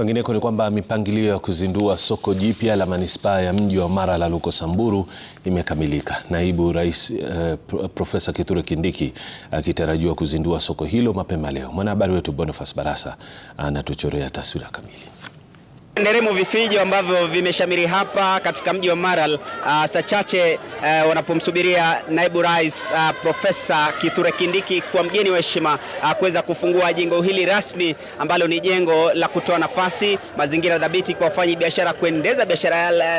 Kwengineko ni kwamba mipangilio ya kuzindua soko jipya la manispaa ya mji wa Maralal huko Samburu imekamilika. Naibu Rais eh, Profesa Kithure Kindiki akitarajiwa kuzindua soko hilo mapema leo. Mwanahabari wetu Boniface Barasa anatuchorea taswira kamili. Nderemo vifijo ambavyo vimeshamiri hapa katika mji wa Maral uh, saa chache uh, wanapomsubiria naibu rais uh, ah, Profesa Kithure Kindiki kwa mgeni wa heshima uh, kuweza kufungua jengo hili rasmi ambalo ni jengo la kutoa nafasi, mazingira dhabiti kwa wafanyi biashara kuendeza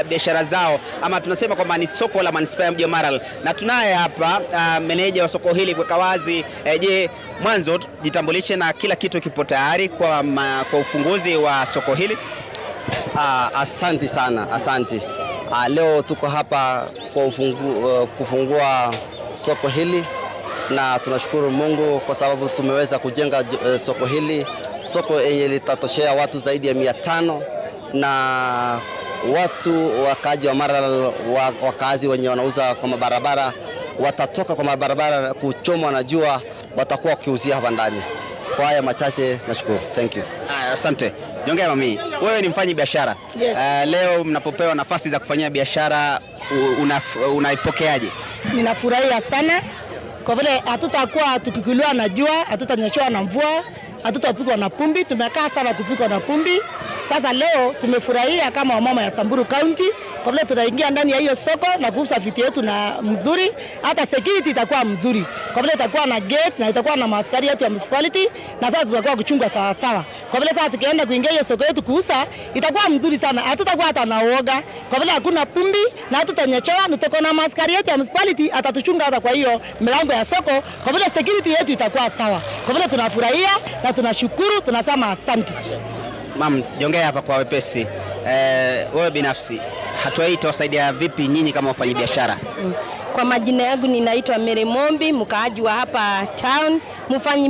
biashara uh, zao, ama tunasema kwamba ni soko la manispaa ya mji wa Maral, na tunaye hapa uh, meneja wa soko hili kuweka wazi uh, eh, je, mwanzo jitambulishe na kila kitu kipo tayari kwa, kwa ufunguzi wa soko hili. Ah, asanti sana, asanti. Ah, leo tuko hapa kwa ufungu, uh, kufungua soko hili na tunashukuru Mungu kwa sababu tumeweza kujenga uh, soko hili, soko yenye litatoshea watu zaidi ya mia tano na watu wakaaji wa Maralal, wakaazi wenye wanauza kwa mabarabara watatoka kwa mabarabara kuchomwa na jua, watakuwa wakiuzia hapa ndani. Kwa haya machache nashukuru. Thank you. Asante. Jongea Mami, wewe ni mfanyi biashara yes. Uh, leo mnapopewa nafasi za kufanyia biashara unaipokeaje? Una ninafurahia sana kwa vile hatutakuwa tukikuliwa na jua, hatutanyeshewa na mvua, hatutapikwa na pumbi. Tumekaa sana kupikwa na pumbi sasa leo tumefurahia kama wamama ya Samburu County kwa vile tunaingia ndani ya hiyo soko na kuuza vitu yetu na mzuri, hata security itakuwa mzuri kwa vile itakuwa na gate na itakuwa na maskari yetu ya municipality, na sasa tutakuwa kuchunga sawa sawa. Kwa vile sasa tukienda kuingia hiyo soko yetu kuuza itakuwa mzuri sana, hatutakuwa hata na uoga kwa vile hakuna pumbi na hatutanyechewa, nitoko na maskari yetu ya municipality atatuchunga hata kwa hiyo milango ya soko, kwa vile security yetu itakuwa sawa. Kwa vile tunafurahia na tunashukuru, tunasema asante. Mam, jongea hapa kwa wepesi. E, wewe binafsi hatua hii itawasaidia vipi nyinyi kama wafanyabiashara? Mm. Kwa majina yangu ninaitwa Mary Mombi, mkaaji wa hapa town,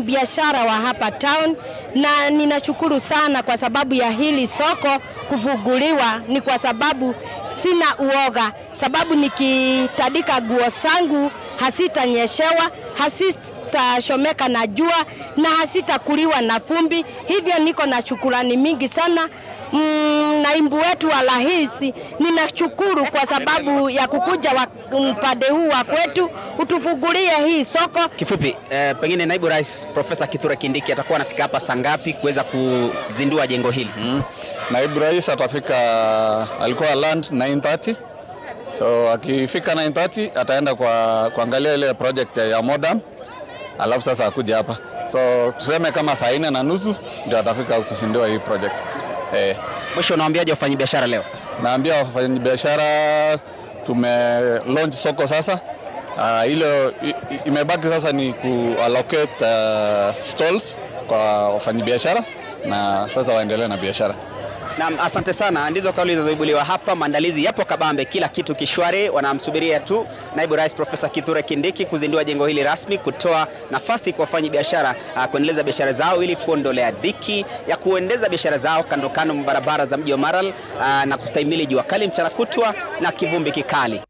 biashara wa hapa town, na ninashukuru sana kwa sababu ya hili soko kufuguliwa Ni kwa sababu sina uoga, sababu nikitandika nguo zangu hasitanyeshewa, hasitashomeka na jua na hasitakuliwa na fumbi. Hivyo niko na shukurani mingi sana mm, naibu wetu wa rais, ninashukuru kwa sababu ya kukuja mpande huu wa kwetu, utufungulie hii soko. Kifupi eh, pengine naibu rais Profesa Kithure Kindiki atakuwa anafika hapa saa ngapi kuweza kuzindua jengo hili? Mm, Naibu rais atafika, alikuwa land 9:30 So akifika 9:30 ataenda kwa kuangalia ile project ya modem, alafu sasa akuja hapa. So tuseme kama saa nne na nusu ndio atafika kusindiwa hii project. Eh. Mwisho unawaambiaje biashara leo? Naambia wafanyabiashara tume launch soko sasa. Uh, ah, ilo imebaki sasa ni ku allocate uh, stalls kwa wafanyabiashara na sasa waendelee na biashara. Na asante sana. Ndizo kauli zinazoibuliwa hapa. Maandalizi yapo kabambe, kila kitu kishwari, wanamsubiria tu naibu rais Profesa Kithure Kindiki kuzindua jengo hili rasmi, kutoa nafasi kwa wafanyi biashara ah, kuendeleza biashara zao ili kuondolea dhiki ya kuendeza biashara zao kando kando mbarabara barabara za mji wa Maralal ah, na kustahimili jua kali mchana kutwa na kivumbi kikali.